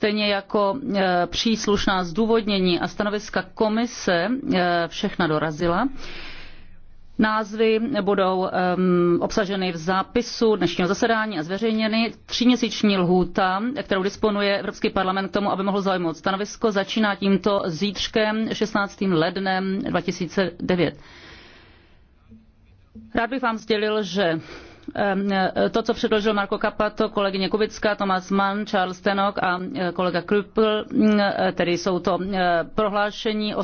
stejně jako e, příslušná zdůvodnění a stanoviska komise e, všechna dorazila. Názvy budou um, obsaženy v zápisu dnešního zasedání a zveřejněny. Tříměsíční lhůta, kterou disponuje Evropský parlament k tomu, aby mohl zaujmout stanovisko, začíná tímto zítřkem 16. lednem 2009. Rád bych vám sdělil, že Ehm, eh, to, co předložil Marko Kapato, kolegyně Kubická, Thomas Mann, Charles Tenok a eh, kolega Krupl, mm, eh, tedy jsou to prohlášení o